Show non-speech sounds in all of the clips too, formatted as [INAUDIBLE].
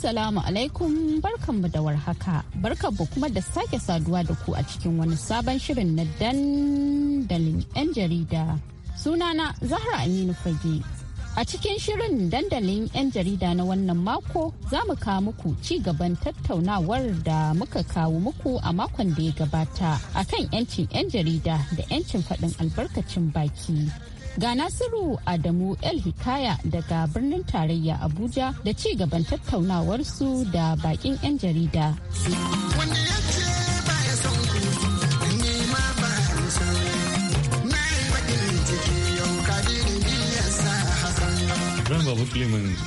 Assalamu alaikum barkanmu da warhaka. Barkanmu kuma da sake saduwa da ku a cikin wani sabon shirin na dandalin 'yan jarida. Sunana Zahra Aminu Fage. A cikin shirin dandalin 'yan jarida na wannan mako za mu kawo muku ci gaban tattaunawar da muka kawo muku a makon da ya gabata akan 'yancin 'yan jarida da 'yancin faɗin albarkacin baki. Ga Nasiru Adamu El Hikaya daga birnin tarayya Abuja da ci gaban tattaunawarsu da bakin 'yan jarida. ran babu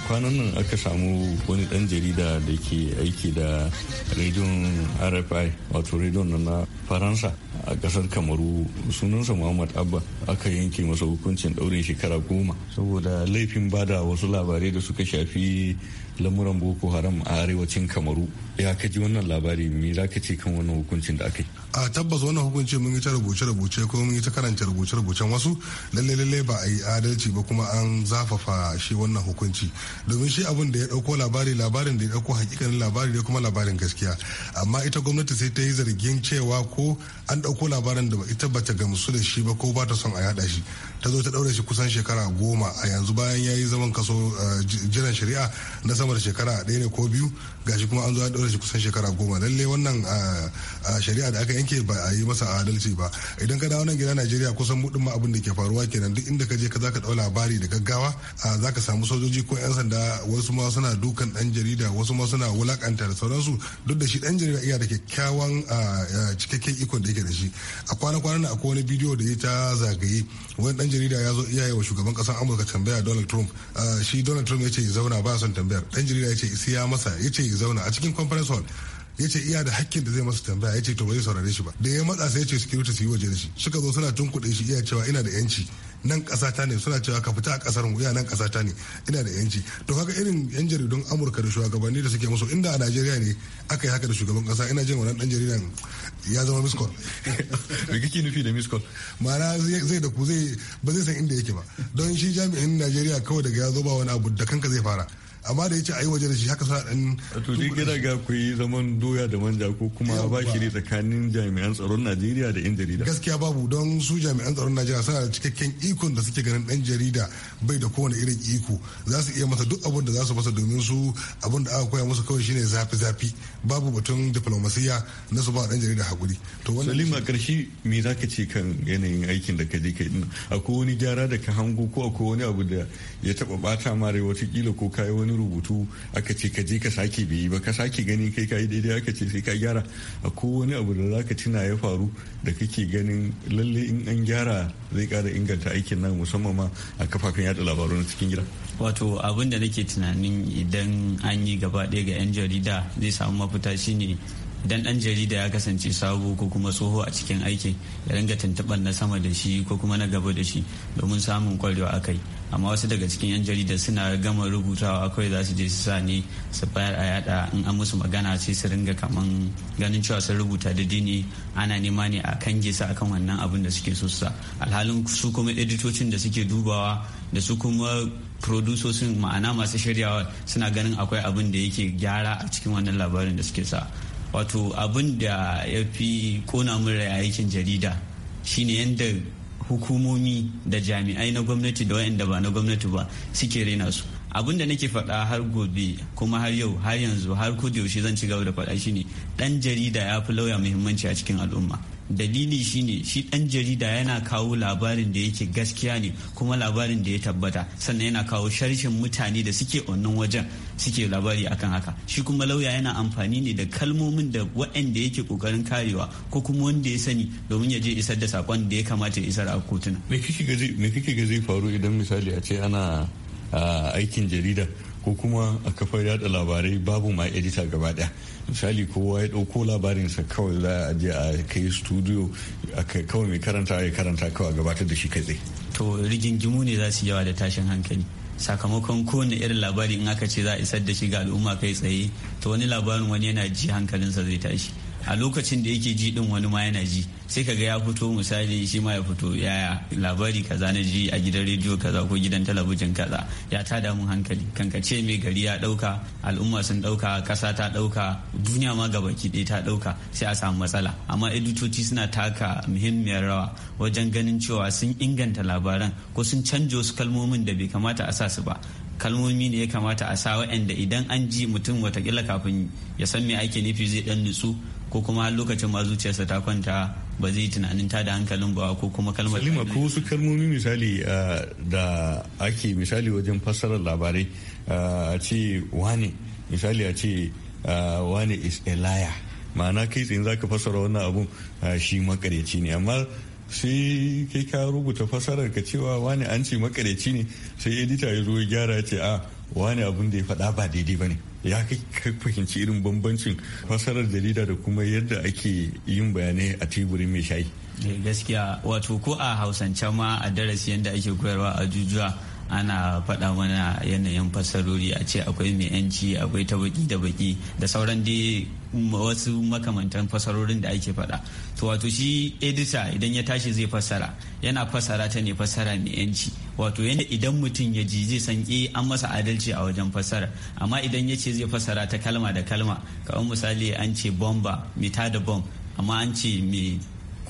kwanan nan aka samu wani dan jarida da ke aiki da rediyon rfi wato rediyon na faransa a kasar kamaru sunansa muhammad abba aka yanke masa hukuncin daurin shekara goma saboda laifin bada wasu labarai da suka shafi lamuran boko haram a arewacin kamaru ya ka ji wannan labari me za ka ce kan wannan hukuncin da aka yi a tabbas wannan hukuncin mun yi ta rubuce rubuce ko mun yi ta karanta rubuce rubucen wasu lalle lalle ba a yi adalci ba kuma an zafafa shi wannan hukunci domin shi abin da ya dauko labari labarin da ya dauko hakikanin labari da kuma labarin gaskiya amma ita gwamnati sai ta yi zargin cewa ko an ɗauko labarin da ita bata gamsu da shi ba ko ba ta son a yada shi ta zo ta ɗaure shi kusan shekara goma a yanzu bayan ya yi zaman kaso eh, jiran shari'a na sama da shekara ɗaya ne ko biyu gashi kuma an zo a ɗaure shi kusan shekara goma lalle wannan eh, eh, shari'a da aka yanke ba a yi masa adalci ba idan ka dawo nan gida najeriya kusan mudin ma abin da ke faruwa kenan duk inda ka je ka za ka ɗau labari da gaggawa za ka samu sojoji ko 'yan sanda wasu ma suna dukan ɗan jarida wasu ma suna wulakanta da sauransu duk da shi ɗan jarida iya da kyakkyawan cikakken ikon da yake da da shi a kwana kwana akwai wani bidiyo da ya ta zagaye wani dan jarida ya zo iyaye wa shugaban kasar amurka tambaya donald trump ah, shi donald trump ya ce ya zauna ba son tambayar dan jarida ya ce ya masa ya ce ya zauna a cikin conference hall ya ce iya da hakkin da zai masa tambaya ya ce to ba zai saurare shi ba da ya matsa sai ya ce security su yi waje da shi suka zo suna tunkuɗe shi iya cewa ina da yanci nan kasata ne suna cewa ka fita a kasar mu iya nan kasata ne ina da yanci to kaga irin yan jaridun amurka da shugabanni da suke musu inda a najeriya ne aka yi haka da shugaban kasa ina jin wannan dan jaridan ya zama miskol [LAUGHS] me kake nufi da miskol ma'ana zai da ku zai ba zai san inda yake ba don shi jami'in najeriya kawai daga ya zo ba wani abu da kanka zai fara amma da ya ce a yi waje da shi haka sa dan to gida ga ku yi zaman doya da manja ko kuma ba shi ne tsakanin jami'an tsaron Najeriya da yan jarida gaskiya babu don su jami'an tsaron Najeriya suna da cikakken ikon da suke ganin dan jarida bai da kowane irin iko za su iya masa duk abin da za su masa domin su abin da aka koya musu kawai shine zafi zafi babu batun diplomasiya na su ba dan jarida hakuri to wannan Salima karshe me za ka ce kan yanayin aikin da ka je kai akwai wani gyara da ka hango ko akwai wani abu da ya taba bata mare kila ko kayi wani wani rubutu aka ce ka je ka sake bai ba ka sake gani kai ka yi daidai aka ce sai ka gyara a wani abu da zaka tuna ya faru da kake ganin lalle in an gyara zai kara inganta aikin nan musamman ma a kafafen yada labaru na cikin gida wato abin da nake tunanin idan an yi gaba ɗaya ga 'yan jarida zai samu mafita shine dan dan jarida ya kasance sabo ko kuma tsoho a cikin aikin ya ringa tuntuɓar na sama da shi ko kuma na gaba da shi domin samun kwarewa akai amma wasu daga cikin yan jarida suna gama rubutawa akwai za su je su sa ni su bayar a yada in an musu magana sai su ringa kaman ganin cewa sun rubuta da dini ana nema ne a kan gesa akan wannan abin da suke so sa alhalin su kuma editocin da suke dubawa da su kuma produsosin ma'ana masu shiryawa suna ganin akwai abin da yake gyara a cikin wannan labarin da suke sa wato abin da ya fi kona mun rai aikin jarida shine yadda hukumomi da jami'ai na gwamnati da waɗanda ba na gwamnati ba suke rena su abin da nake faɗa har gobe kuma har yau har yanzu har ko yaushe zan ci gaba da faɗa shine ɗan jarida ya fi lauya muhimmanci a cikin al'umma dalili shine shi dan jarida yana kawo labarin da yake gaskiya ne kuma labarin da ya tabbata sannan yana kawo sharshen mutane da suke onnan wajen suke labari akan haka shi kuma lauya yana amfani ne da kalmomin da waɗanda yake kokarin karewa ko kuma wanda ya sani domin ya je isar da sakon da ya kamata ya isar a kotuna me kike ga zai faru idan misali a ce ana ah, aikin jarida ko kuma a kafar yada labarai babu ma edita gaba daya misali kowa ya ɗauko labarinsa kawai za a je a kai studio kawai mai karanta ya karanta kawai gabatar da shi kai tsaye to rigingimu ne za su yawa da tashin hankali sakamakon kowane irin labari in aka ce za a isar da shi ga al'umma kai tsaye to wani labarin wani yana ji hankalinsa zai tashi a lokacin da yake ji din wani ma yana ji sai kaga ya fito misali shi ma ya fito yaya labari kaza na ji a gidan rediyo kaza ko gidan talabijin kaza ya ta mun hankali kanka ce mai gari ya dauka al'umma sun dauka kasa ta dauka duniya ma gaba dai ta dauka sai a samu matsala amma editoci suna taka muhimmiyar rawa wajen ganin cewa sun inganta labaran ko sun canjo wasu kalmomin da bai kamata a sa su ba kalmomi ne ya kamata a sa waɗanda idan an ji mutum watakila kafin ya san me ake nufi zai dan nutsu ko kuma lokacin ma zuciyarsa ta kwanta ba zai tunanin ta da hankalin ba ko kuma kalmar salima ko wasu kalmomi misali da ake misali wajen fassarar labarai a ce wane misali a ce wane is a liar ma'ana kai tsaye zaka fassara wannan abun shi makareci ne amma sai kai ka rubuta fassarar ka cewa wane an ce makareci ne sai edita ya zo ya gyara ya ce a ah, wane abun da ya faɗa ba daidai ba ne ya kai fahimci irin bambancin fasarar jarida da kuma yadda ake yin bayanai a teburin mai shayi eh, gaskiya wato ko a hausance ma a darasi yadda ake koyarwa a jujuwa ana faɗa mana yanayin fasarori a ce akwai mai yanci akwai ta baki da baki da sauran dai wasu makamantan fasarorin da ake faɗa to wato shi edita idan ya tashi zai fasara yana fasara ta ne fasara mai yanci wato yana idan mutum ya ji zai san e an masa adalci a wajen fasara amma idan ya ce zai fasara ta kalma da kalma kamar misali an ce bomba mita da bom amma an ce mai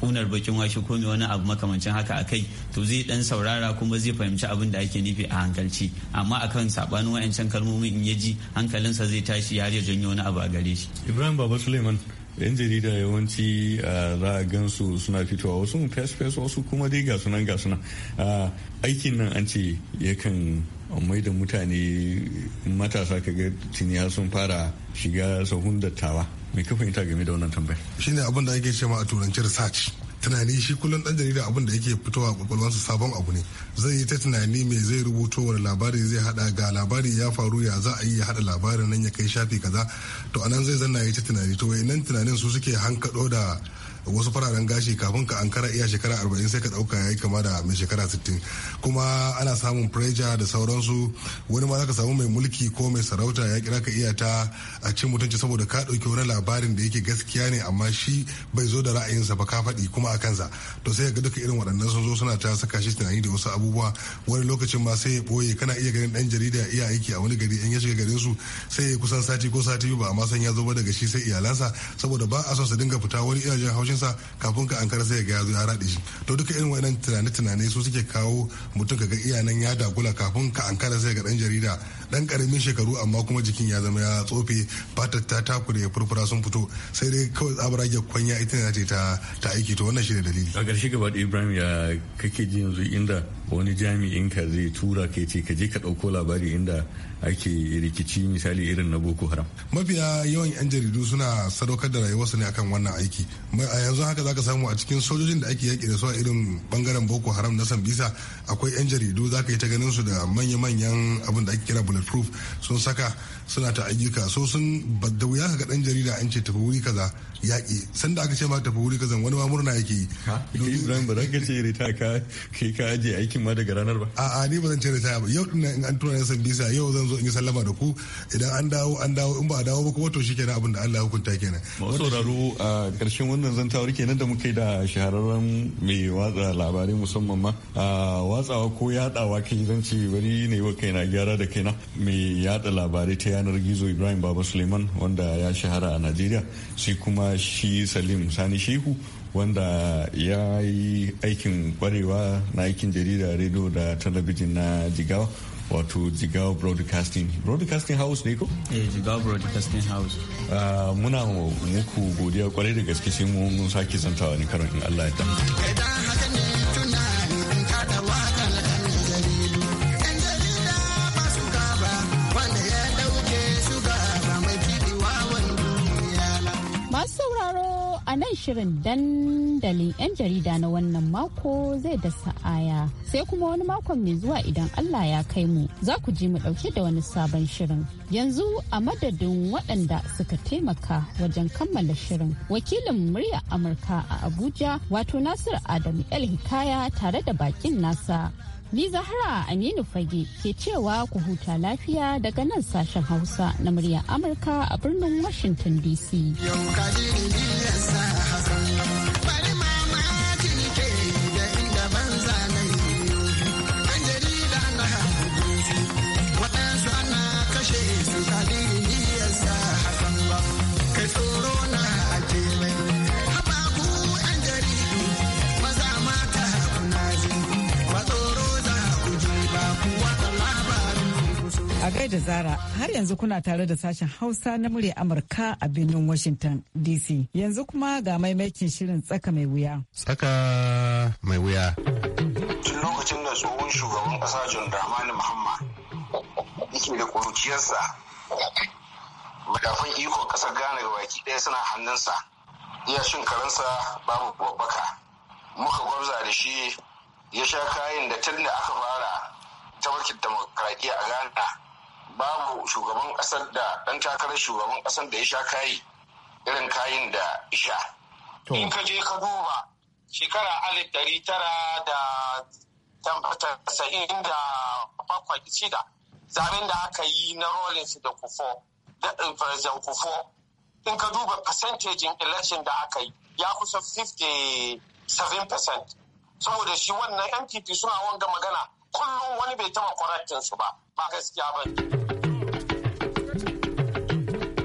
kunar bakin washe ko mai wani abu makamancin haka akai to zai dan saurara kuma zai fahimci abin da ake nufi a hankalci amma akan sabanin wayancan kalmomin in ya ji hankalinsa zai tashi har ya janyo wani abu a gare shi Ibrahim Baba Suleiman yan jarida yawanci za a gan su suna fitowa wasu fes-fes wasu kuma dai ga sunan ga aikin nan an ce yakan mai da mutane matasa kaga tuniya sun fara shiga sahun dattawa me ka fahimta game da wannan tambayar shine abin da ake cewa a turanci research tunani shi kullum dan jarida abin da yake fitowa a kwakwalwarsa sabon abu ne zai yi ta tunani mai zai rubuto wani labari zai hada ga labari ya faru ya za a yi ya hada labarin nan ya kai shafi kaza to anan zai zanna ya ta tunani to nan tunanin su suke hankado da wasu fararen gashi kafin ka ankara iya shekara arba'in sai ka dauka yi kama da mai shekara sittin kuma ana samun preja da sauransu wani ma zaka samu mai mulki ko mai sarauta ya kira ka iya ta a cin mutunci saboda ka dauki wani labarin da yake gaskiya ne amma shi bai zo da ra'ayinsa ba ka faɗi kuma a kansa to sai ga duka irin waɗannan sun zo suna ta saka shi tunani da wasu abubuwa wani lokacin ma sai ya boye kana iya ganin ɗan jarida ya iya aiki a wani gari in ya shiga garin su sai ya kusan sati ko sati ba amma san ya zo ba daga shi sai iyalansa saboda ba a son su dinga fita wani iya jin haushin jikinsa kafin ka ankara sai ga ya zo ya raɗe shi to duka irin wannan tunane-tunane su suke kawo mutum ka ga iyanan ya dagula kafin ka ankara sai ga dan jarida dan karamin shekaru amma kuma jikin ya zama ya tsofe fatar ta takure furfura sun fito sai dai kawai tsabarage kwanya ita ce ta aiki to wannan shi ne dalili a ƙarshe gaba da ibrahim ya kake ji yanzu inda wani jami'in ka zai tura ka ce ka je ka ɗauko labari inda ake rikici misali irin na boko haram mafiya yawan yan jaridu suna sadaukar da rayuwarsu ne akan wannan aiki a yanzu haka zaka samu a cikin sojojin da ake yaƙi da su a irin bangaren boko haram na sambisa akwai yan jaridu zaka yi ta ganin su da manya-manyan abin da ake kira bulletproof sun saka suna ta ayyuka so sun da wuya ka ga ɗan jarida an ce tafi wuri kaza yaƙi sanda aka ce ma tafi wuri kazan wani ma murna yake yi. Ibrahim ba za ka ce rita ka kai ka aje aikin ma daga ranar ba. A'a ni ba zan ce rita ba yau in an tura yan sambisa yau zan zo in yi sallama da ku idan an dawo an dawo in ba a dawo ba kuma to shi kenan abin da Allah ya hukunta kenan. Masu sauraro a ƙarshen wannan zantawar kenan da muka yi da shahararren mai watsa labarai musamman ma watsawa ko yaɗawa kai zan ce bari ne wa kaina gyara da kaina mai yaɗa labarai ta yanar gizo Ibrahim Baba Suleiman wanda ya shahara a Najeriya sai kuma shi salim sani shehu wanda ya yi aikin kwarewa na aikin jarida radio da talabijin na jigawa wato jigawa broadcasting broadcasting house ne ko? eh jigawa broadcasting house ah, muna muku godiya kwarai da gaske sai mun sake zantawa ne karon in allah ya ta Masu sauraro a nan shirin dandalin 'yan jarida na wannan mako zai da sa'aya sai kuma wani makon mai zuwa idan Allah ya kai mu za ku ji mu ɗauke da wani sabon shirin. Yanzu a madadin waɗanda suka taimaka wajen kammala shirin wakilin murya Amurka a Abuja wato Nasir Adam El Hikaya tare da bakin nasa Ni Zahra Aminu Fage ke cewa ku huta lafiya daga nan sashen Hausa na muryar Amurka a birnin Washington DC. kai da Zara har yanzu kuna tare da sashen Hausa na murya Amurka a birnin Washington DC. Yanzu kuma ga maimakin shirin tsaka mai wuya. Tsaka mai wuya. Tun lokacin da tsohon shugaban kasa John Dramani Muhammad yake da kuruciyarsa madafin ikon ƙasar gane ga baki daya suna hannunsa. Iya shin karansa babu babbaka. Muka gwabza da shi ya sha kayan da tun da aka fara ta wakil demokradiyya a Ghana babu shugaban ƙasar da ɗan takarar shugaban ƙasar da ya sha kayi irin kayin da sha. In ka je ka duba shekara alif dari tara da tasa'in da bakwai shida zaben da aka yi na Rollins da Kufo da eh, President Kufo in ka duba percentage election da aka yi ya kusa 57% saboda shi wannan MPP suna wanga magana kullum wani bai taɓa kwarantinsu ba ba gaskiya ba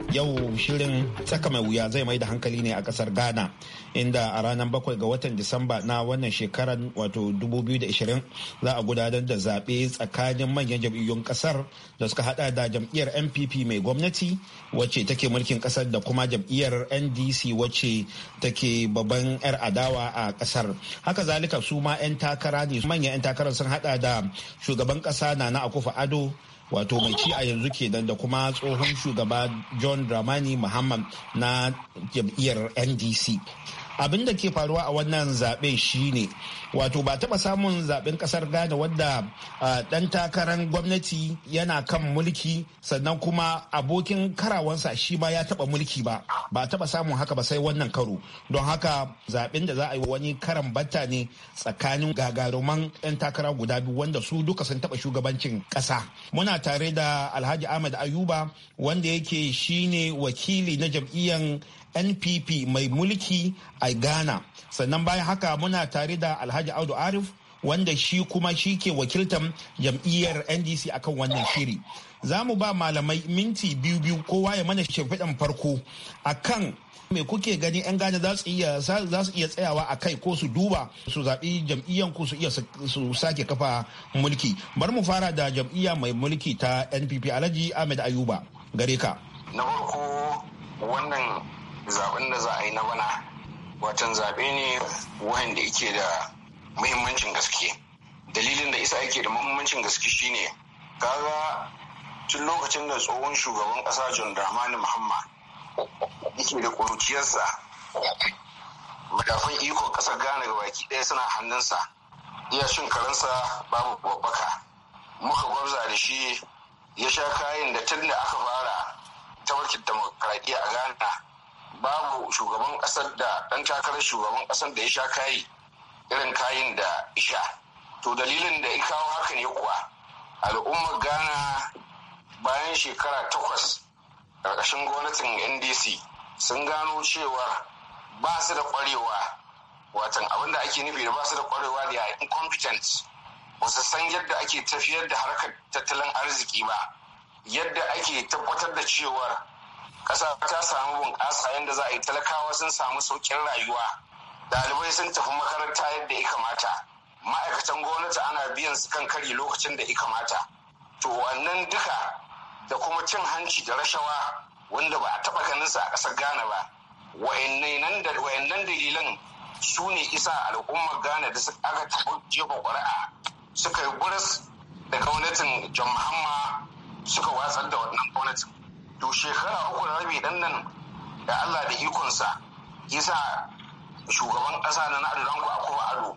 yau shirin tsaka mai wuya zai mai da hankali ne a kasar ghana inda a ranar bakwai ga watan disamba na wannan shekarar wato 2020 za a gudanar da zaɓe tsakanin manyan jam'iyyun kasar da suka hada da jam'iyyar npp mai gwamnati wacce take mulkin kasar da kuma jam'iyyar ndc wacce take babban 'yar adawa a kasar haka zalika su ma 'yan takara ne manyan 'yan takarar sun hada da shugaban kasa na na akufa ado wato mai ci a yanzu kenan da kuma tsohon shugaba john dramani muhammad na jam'iyyar ndc abin da ke faruwa a wannan zaɓe shine wato ba taba samun zaben kasar ghana wadda dan takarar gwamnati yana kan mulki sannan kuma abokin karawansa shi ma ya taba mulki ba ba taba samun haka ba sai wannan karo don haka zaben da za a yi wani karan batta ne tsakanin gagaruman yan takara guda biyu wanda su duka sun taba shugabancin kasa muna tare da alhaji ahmad ayuba wanda yake shine wakili na jam'iyyan npp mai mulki a ghana sannan bayan haka muna tare da alhaji alhaji audu arif wanda shi kuma shi ke wakiltar jam'iyyar ndc akan wannan shiri za mu ba malamai minti biyu biyu kowa ya mana shimfiɗan farko akan me kuke gani 'yan gane za su iya tsayawa a kai ko su duba su zaɓi jam'iyyan ku su iya su sake kafa mulki bar mu fara da jam'iyya mai mulki ta npp alhaji ahmed ayuba gare ka na farko wannan zaɓen da za a yi na bana watan zaɓe ne wanda yake da muhimmancin gaske dalilin da isa ake da muhimmancin gaske shine kaga tun lokacin da tsohon shugaban ƙasa john dramani muhammad yake da ƙuruciyarsa madafan ikon ƙasar ghana ga baki ɗaya suna hannunsa iya cin karansa babu babbaka muka gwabza da shi ya sha kayan da tun da aka fara ta tabarkin demokradiyya a ghana babu shugaban ƙasar da ɗan takarar shugaban ƙasar da ya sha kayi irin kayan da isha to dalilin da ya kawo haka ne kuwa al'ummar ghana bayan shekara takwas ƙarƙashin gwamnatin ndc sun gano cewa ba su da ƙwarewa watan abin da ake nufi da ba su da ƙwarewa da incompetent ba su san yadda ake tafiyar da harkar tattalin arziki ba yadda ake tabbatar da cewar ƙasa ta samu bunƙasa yadda za a yi talakawa sun samu saukin rayuwa dalibai sun tafi makaranta yadda ya kamata ma'aikatan gwamnati ana biyan su kan kari lokacin da ya kamata to wannan duka da kuma cin hanci da rashawa wanda ba a taɓa ganinsa a ƙasar ghana ba wayannan dalilan su ne isa al'ummar ghana da suka aka taɓa jefa ƙuri'a suka yi buris da gwamnatin john mahamma suka watsar da wannan gwamnatin to shekara uku da rabi dan nan da allah da ikonsa isa shugaban ƙasa na Nadu a kuma Ado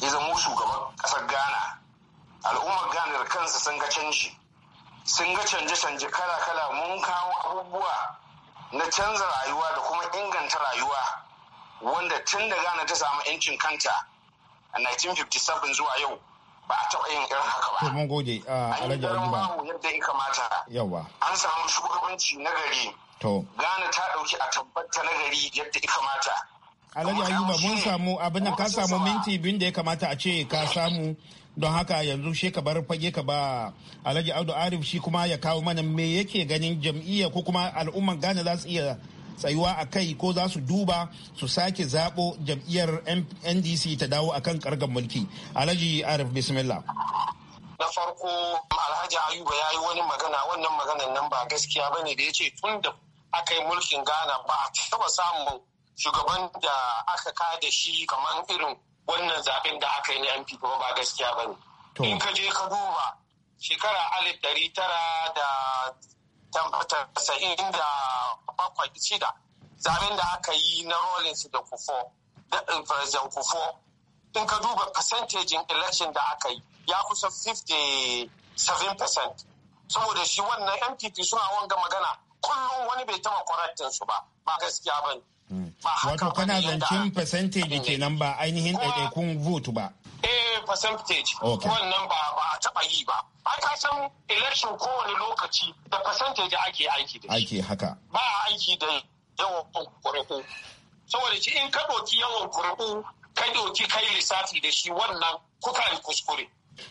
ya zamo shugaban ƙasar Ghana al'ummar Ghana da kansa sun ga canji sun ga canje-canje kala-kala mun kawo abubuwa na canza rayuwa da kuma inganta rayuwa wanda tun da Ghana ta samu 'yancin kanta a 1957 zuwa yau ba a taɓa yin irin haka ba. Mun gode uh, a Alhaji Yadda ya kamata. An samu shugabanci na gari. To. Ghana ta ɗauki a tabbata na gari yadda ya kamata. Alhaji Ayuba mun samu abin ka samu minti biyun da ya kamata a ce ka samu don haka yanzu she ka bar fage ka ba Alhaji Audu Arif shi kuma ya kawo mana me yake ganin jam'iyya ko kuma al'umman Ghana za su iya tsayuwa a kai ko za su duba su sake zabo jam'iyyar NDC ta dawo akan kargan mulki. Alhaji Arif bismillah. na farko alhaji ayuba ya yi wani magana wannan maganan nan ba gaskiya ba da ya ce tun da aka yi mulkin ghana ba a taba samun shugaban da aka ka da shi kamar irin wannan zaben da aka yi na MP ba gaskiya ba ne. In ka je ka duba shekara alif ɗari tara da tabbatar sa'in da bakwai shida zaben da aka yi na Rollins da Kufo da eh, President Kufo in ka duba percentage election da aka yi ya kusa 57% saboda shi wannan MPP suna wanga magana kullum wani bai taba kwarantinsu ba ba gaskiya ba ne. Wato kana zancen percentage kenan ba ainihin ɗaiɗaikun vote ba. Eh percentage wannan ba a taɓa yi ba. A ka san election kowane lokaci da percentage ake aiki da shi. Aiki haka. Ba aiki da yawan kuri'u. Saboda shi in ka ɗauki yawan kuri'u ka ɗauki kai lissafi da shi wannan kuka yi kuskure.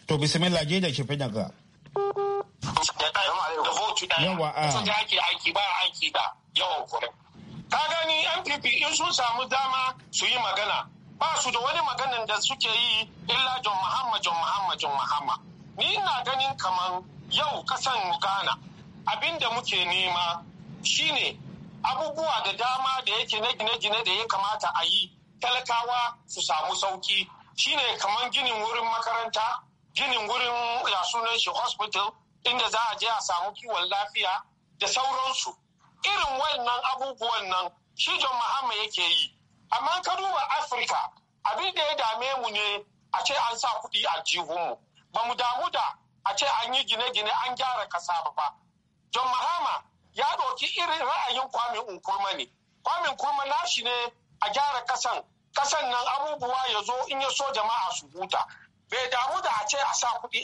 To bismillah je da shi fi daga. Da vote ɗaya. Yawa a. Ah. ake aiki ba aiki da yawan kuri'u. ka gani npp in sun samu dama su yi magana ba su da wani maganan da suke yi illa john mahama john mahama john mahama ni ina ganin kamar yau kasan ghana abin da muke nema shine abubuwa da dama da yake na gine-gine da ya kamata a yi talakawa su samu sauki shine kamar ginin wurin makaranta ginin wurin ya sunan shi hospital inda za a je a samu kiwon lafiya da sauransu irin wannan abubuwan nan shi John Mahama yake yi amma ka duba Afirka abin da ya dame mu ne a ce an sa kuɗi a jihunmu ba mu damu da a ce an yi gine-gine an gyara ƙasa ba John Mahama ya ɗauki irin ra'ayin kwamin Nkrumah ne kwamin Nkrumah nashi ne a gyara ƙasan kasan nan abubuwa ya zo in ya so jama'a su huta bai damu da a ce a sa kuɗi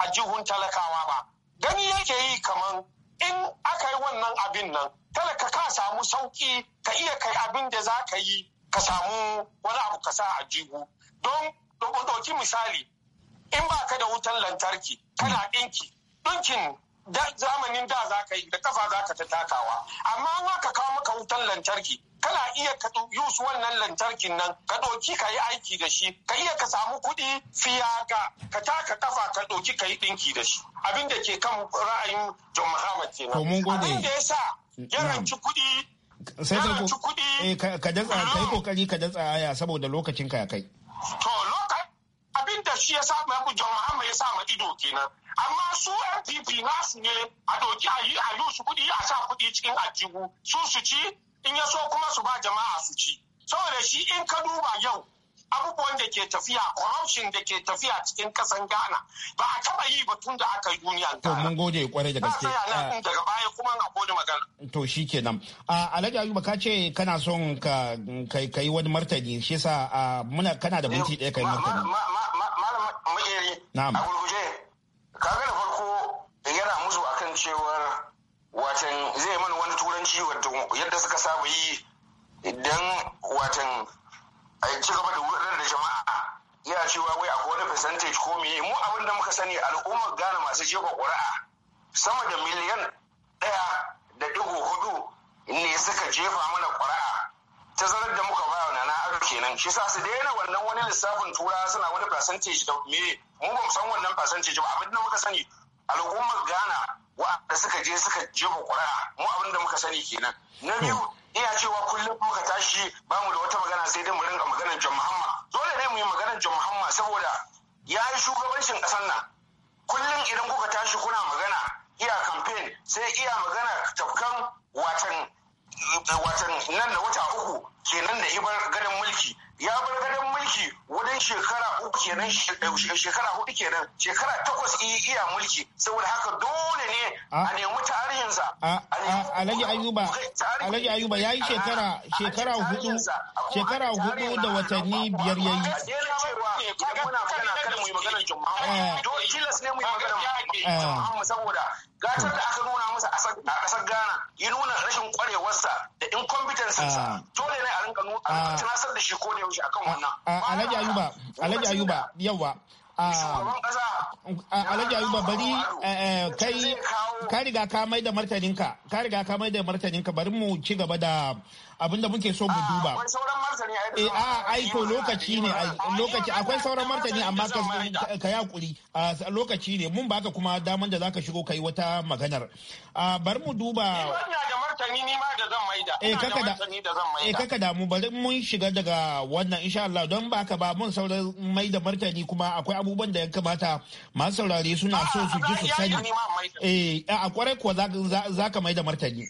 a jihun talakawa ba gani yake yi kamar in aka yi wannan abin nan talaka ka samu sauki ka iya kai abin da za ka yi ka samu wani abu ka sa a jihu don ɗauki misali in ba ka da wutan lantarki kana ɗinki ɗinkin da zamanin da za ka yi da kafa za ka ta takawa amma an haka kawo maka wutan lantarki kana iya ka yusu wannan lantarkin nan ka ɗauki ka yi aiki da shi ka iya ka samu kuɗi fiya ga ka taka kafa ka ɗauki ka yi ɗinki da shi abin da ke kan ra'ayin John Muhammad nan abin da ya sa mm, yaranci kuɗi sai kuɗi eh, ka yi ƙoƙari kokari ka datsa aya saboda lokacin ka ya kai to da shi ya samu abu jama'a ya samu ido kenan amma su npp nasu ne a doki a yi su kuɗi a sa kuɗi cikin aljihu su su ci in ya so kuma su ba jama'a su ci saboda shi in ka duba yau abubuwan da ke tafiya corruption da ke tafiya cikin kasan Ghana ba a taba yi ba tun da aka yi duniya to mun gode kwarai da gaske ah. daga baya kuma a gode magana to shikenan ah, Alhaji Ayuba ka ce kana son ka kai wani martani shi yasa ah, muna kana da minti ɗaya kai martani makeri a gurguje kaga da farko yana musu akan cewar watan zai mana wani turanci yadda suka saba yi idan watan a ci gaba da wurin da jama'a ya cewa wai akwai wani percentage ko me mu abin da muka sani al'ummar Ghana masu jefa ƙuri'a sama da miliyan ɗaya da digo hudu ne suka jefa mana ƙuri'a tazarar da muka bayar na aro kenan shi sa su daina wannan wani lissafin tura suna wani percentage da me mu ba san wannan percentage ba abin da muka sani al'ummar Ghana wa'anda suka je suka jefa ƙuri'a mu abin da muka sani kenan na biyu iya cewa kullum muka tashi ba mu da wata magana sai dai mu rinka maganar John Muhammad dole ne mu yi maganar John Muhammad saboda ya yi shugabancin ƙasar nan kullum idan kuka tashi kuna magana iya campaign sai iya magana tafkan watan watan nan da wata uku kenan da ibar gadon mulki ya bar gadon mulki wajen shekara uku kenan shekara hudu kenan shekara takwas iya mulki saboda haka dole ne a nemi tarihinsa nemi ayuba alhaji ayuba ya yi shekara shekara hudu shekara hudu da watanni biyar ya yi muna magana kada mu yi magana jumma'a eh. dole tilas ne mu yi magana saboda gatar da aka nuna masa a kasar Ghana ya nuna rashin kwarewarsa da incompetence ah. dole ne a rinka nuna ah. tunasar da shi ko da yaushe akan ah, wannan Alhaji Ayuba Alhaji Ayuba yawa Alhaji Ayuba bari eh, eh, kai ka riga ka mai da martaninka ka riga ka mai da martaninka bari mu ci gaba da abinda muke so mu ah, duba a eh, ah, aiko lokaci ne lokaci akwai sauran martani amma ka yakuri ah, lokaci ne mun baka kuma daman da zaka shigo kai wata maganar bar mu duba E, Eh kaka da Eh kaka da mu bari mun shiga daga wannan insha Allah don ba ka ba mun sauran da martani kuma akwai abubuwan da ya kamata masu saurare suna so su ji su sani. Eh a kwarai kuwa za ka da martani.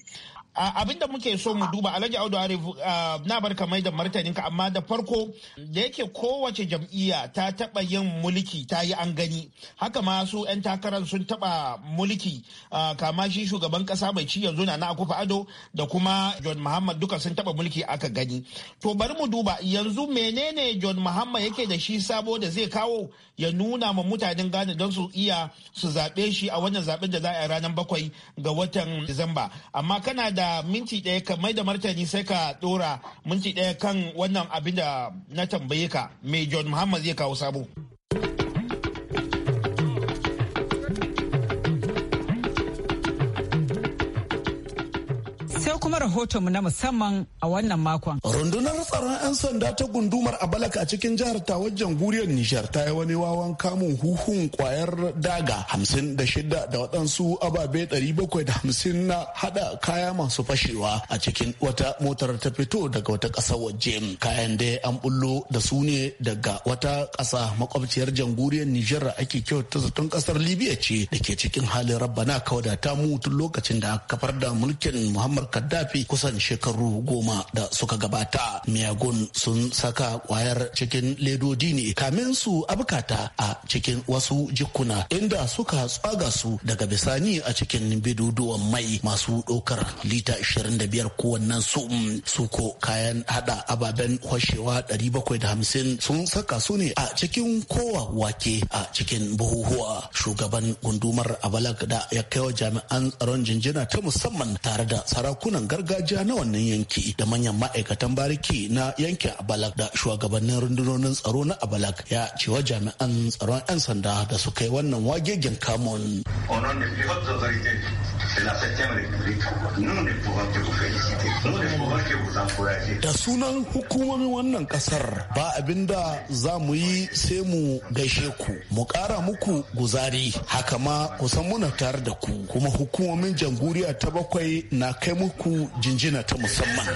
abin da muke so mu duba alhaji audu arif uh, na bar kamar da martanin ka amma da farko da yake kowace jam'iyya ta taba yin mulki ta yi an gani haka ma su 'yan takarar sun taba mulki uh, kama shi shugaban kasa mai ci yanzu na akufa ado da kuma john muhammad duka sun taba mulki aka gani to bari mu duba yanzu menene john muhammad yake da shi sabo da zai kawo ya nuna ma mutanen gane don su iya su zaɓe shi a wannan zaɓen da za a yi ranar bakwai ga watan disamba amma kana da da minti ɗaya ka mai da martani sai ka ɗora minti ɗaya kan wannan abin da na tambaye ka mai John Muhammad zai kawo sabo. kuma rahoton na musamman a wannan makon. Rundunar tsaron 'yan sanda ta gundumar a Abalak a cikin jihar ta wajen guriyar Nijar ta yi wani wawan kamun huhun kwayar daga hamsin da shida da waɗansu ababe ɗari bakwai da hamsin na haɗa kaya masu fashewa a cikin wata motar ta fito daga wata ƙasar waje. Kayan da an bullo da su ne daga wata ƙasa makwabciyar jamhuriyar Nijar ake kyauta zaton ƙasar Libya ce da ke cikin halin rabbana da ta mutu lokacin da aka kafar da mulkin Muhammad kadda. shafi kusan shekaru goma da suka gabata miyagun sun saka kwayar cikin ledodi ne kamin su abkata a cikin wasu jikuna inda suka tsaga su daga bisani a cikin bidodowan mai masu ɗaukar lita 25 kowannen su suko kayan hada ababen kwashewa 750 sun saka su ne a cikin kowa wake a cikin buhuhuwa shugaban gundumar abalak da ya kaiwa jami'an tsaron jinjina ta musamman tare da sarakunan gargajiya na wannan yanki da manyan ma'aikatan bariki na yankin abalak da shugabannin rundunonin tsaro na abalak ya cewa jami'an tsaron 'yan sanda da su kai wannan wagegen kamun. Da sunan hukumomin wannan kasar ba abin da za mu yi sai mu gaishe ku, mu kara muku guzari, haka ma kusan muna tare da ku, kuma hukumomin jamhuriya ta bakwai na kai muku jinjina ta musamman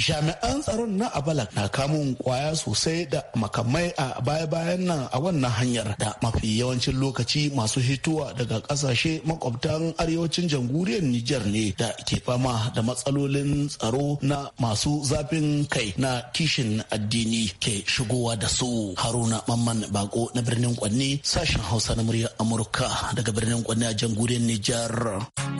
Jami'an tsaron na Abalak na kamun kwaya sosai da makamai a baya-bayan nan a wannan hanyar da mafi yawancin lokaci masu hituwa daga kasashe makwabtan arewacin jamhuriyar Nijar ne da ke fama da matsalolin tsaro na masu zafin kai na kishin addini ke shigowa da su haruna mamman bako na birnin kwanne sashen hausa na muryar amurka daga birnin kwanne a jamhuriyar Nijar.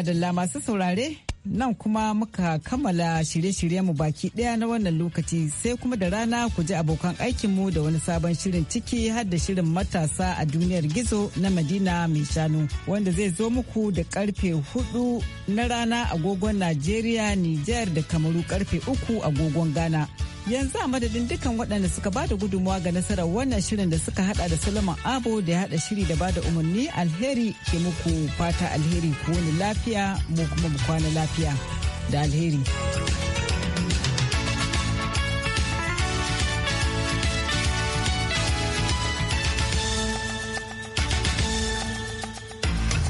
madalla masu saurare nan kuma muka kammala shirye-shiryenmu baki daya na wannan lokaci sai kuma da rana ku ji abokan aikinmu da wani sabon shirin ciki har da shirin matasa a duniyar gizo na madina mai shanu wanda zai zo muku da karfe hudu na rana agogon najeriya niger da kamaru karfe uku agogon ghana yanzu a madadin dukkan waɗanda suka bada gudunmawa ga nasarar wannan shirin da suka hada da salaman abo da ya hada shiri da bada umarni alheri ke muku fata alheri ku wani lafiya mu kuma mu kwana lafiya da alheri.